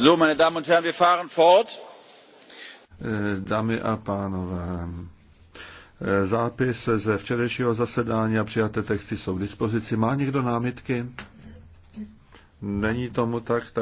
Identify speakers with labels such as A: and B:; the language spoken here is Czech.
A: Eh,
B: dámy a pánové, eh, zápis ze včerejšího zasedání a přijaté texty jsou k dispozici. Má někdo námitky? Není tomu tak, tak